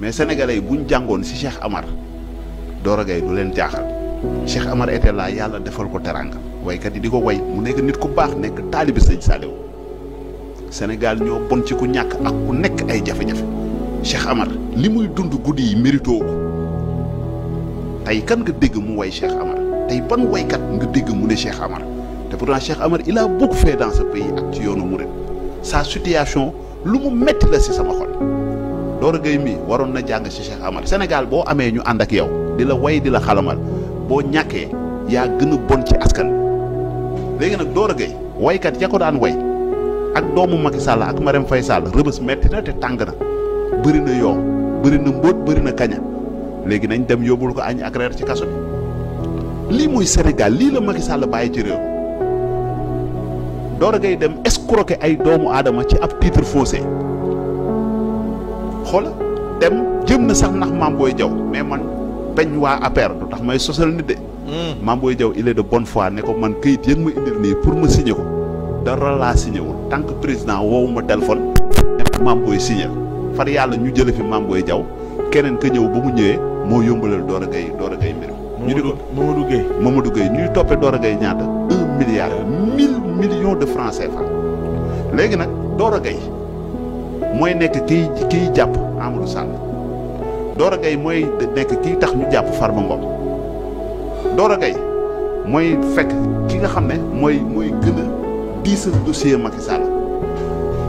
mais sénégalais buñ jangone si cheikh amar doraga gay du Syekh cheikh amar était là yalla defal ko teranga way kat di ko way mu nek nit ku bax nek talib sëñ saliw sénégal ño bon ci ku ñak ak ku nek ay jafe-jafe cheikh amar limuy dund guddi mérito ko tay kan nga dégg mu way cheikh amar tay ban kat nga dégg mu né cheikh amar té pourtant cheikh amar il a beaucoup fait dans ce pays ak ci yoonu mouride sa situation lu mu metti la ci sama xol Doro gay mii waroon na jàng ci Cheikh Amar Sénégal boo amee ñu ànd ak yow di la woy di la xalamal boo ñàkkee yaa gën a bon ci askan léegi nag Doro Gueye waykat ya ko daan woy ak doomu Macky Sall ak Marème Faye Sall rëbës metti na te tàng na bëri na yoo bëri na mbóot bëri na kaña léegi nañ dem yóbbul ko añ ak reer ci kaso lii mooy Sénégal lii la Macky Sall bàyyi ci réew Doro Gueye dem escroquer ay doomu aadama ci ab titre foncier xool dem jëm na sax ndax Mame Boye jaw mais man bañ waa APR du tax may sosal nit de. Hmm. Mame Boye jaw il est de bonne foi ne ko man këyit yéen ma indil nii pour ma signé ko dara laa signé wul tant président woowu ma téléphone ne Mame Boye signé far yàlla ñu jële fi Mame Boye jaw keneen ka ñëw ba mu ñëwee moo yombalal Dora Gaye Dora Gaye mbir ñu di ko Mamadou Gueye Mamadou Gueye ñuy toppee Dora Gaye ñaata un milliard mille millions de francs CFA léegi nag Dora Gaye Amadou Sall Doro Gaye mooy nekk kii tax ñu jàpp Farba Ngom Doro Gaye mooy fekk ki nga xam ne mooy mooy gën a diisal dossier Macky Sall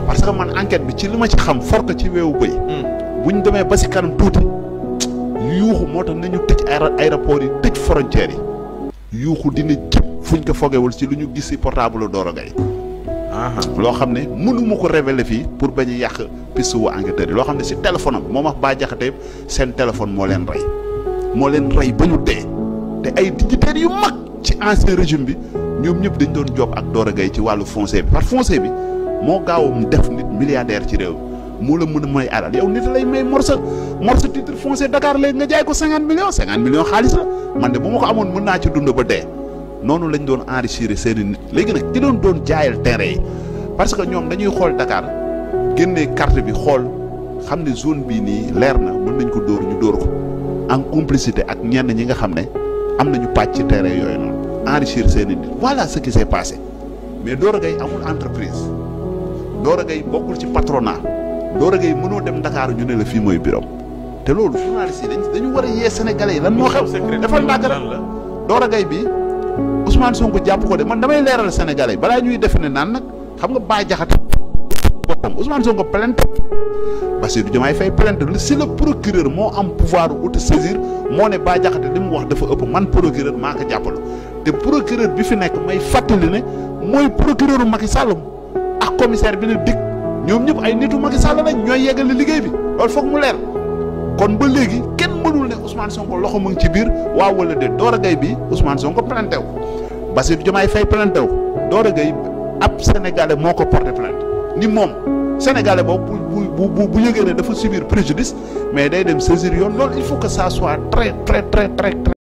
parce que man enquête bi ci li ma ci xam fork ci weewu bëy hmm. bu ñu demee ba si kanam tuuti yuuxu moo tax nañu tëj aéroport yi tëj frontières yi yuuxu dina jëm fuñ ko fogewul si lu ñu gis si portable Doro loo xam ne mënu ma ko révéler fii pour bañ yàq piste wu enquêteurs loo xam ne si téléphone am moom ak Bah Diakhaté seen téléphone moo leen rey moo leen rey ba ñu dee te ay dignitaires yu mag ci ancien régime bi ñoom ñëpp dañ doon job ak Doro Gaye ci wàllu foncier bi par foncier bi moo gaawam def nit milliardaire ci réew moo la mën a may alal yow nit lay may morsa morsa titre foncier Dakar léegi nga jaay ko cinquante millions cinquante millions xaalis la man de bu ma ko amoon mën naa ci dund ba dee noonu lañ doon enrichir seeni i nit léegi nag ki doon doon jaayal terrain yi parce que ñoom dañuy xool dakaar génne carte bi xool xam ne zone bii nii leer na mën nañ ko dóor ñu dóor ko en complicité ak ñenn ñi nga xam ne am nañu pàcc ci terrain yooyu noonu seen i nit voilà ce qui s'est mais Doro Gaye amul entreprise Doro Gaye bokkul ci patronat Doro Gaye mënoo dem Dakar ñu ne la fii mooy bureau te loolu journaliste yi dañu war a yee sénégalais yi lan moo xew defal ndàgg la Doro Gaye bi Ousmane Sonko jàpp ko de man damay leeral Sénégalais balaa ñuy def ne naan nag xam nga Bah Diakhaté boppam Ousmane Sonko plainte Bassirou Diomaye Faye plainte si le procureur moo am pouvoir auto saisir moo ne baajaxate Diakhaté li mu wax dafa ëpp man procureur maa ko jàppalu te procureur bi fi nekk may fàttali ne mooy procureur Macky Sall ak commissaire bi ne dikk ñoom ñëpp ay nitu Macky Sall lañ ñooy yeggale liggéey bi loolu foog mu leer kon ba léegi. Ousmane Sonko loxo mu ngi ci biir waaw wala déet Doro Gaye bi Ousmane Sonko plainte wu Bassirou Diomaye Faye plainte wu a Gaye ab sénégalais moo ko porté plainte ni moom sénégalais boobu bu bu bu bu yëgee ne dafa subir préjudice mais day dem saisir yoon lool il faut que ça soit très très très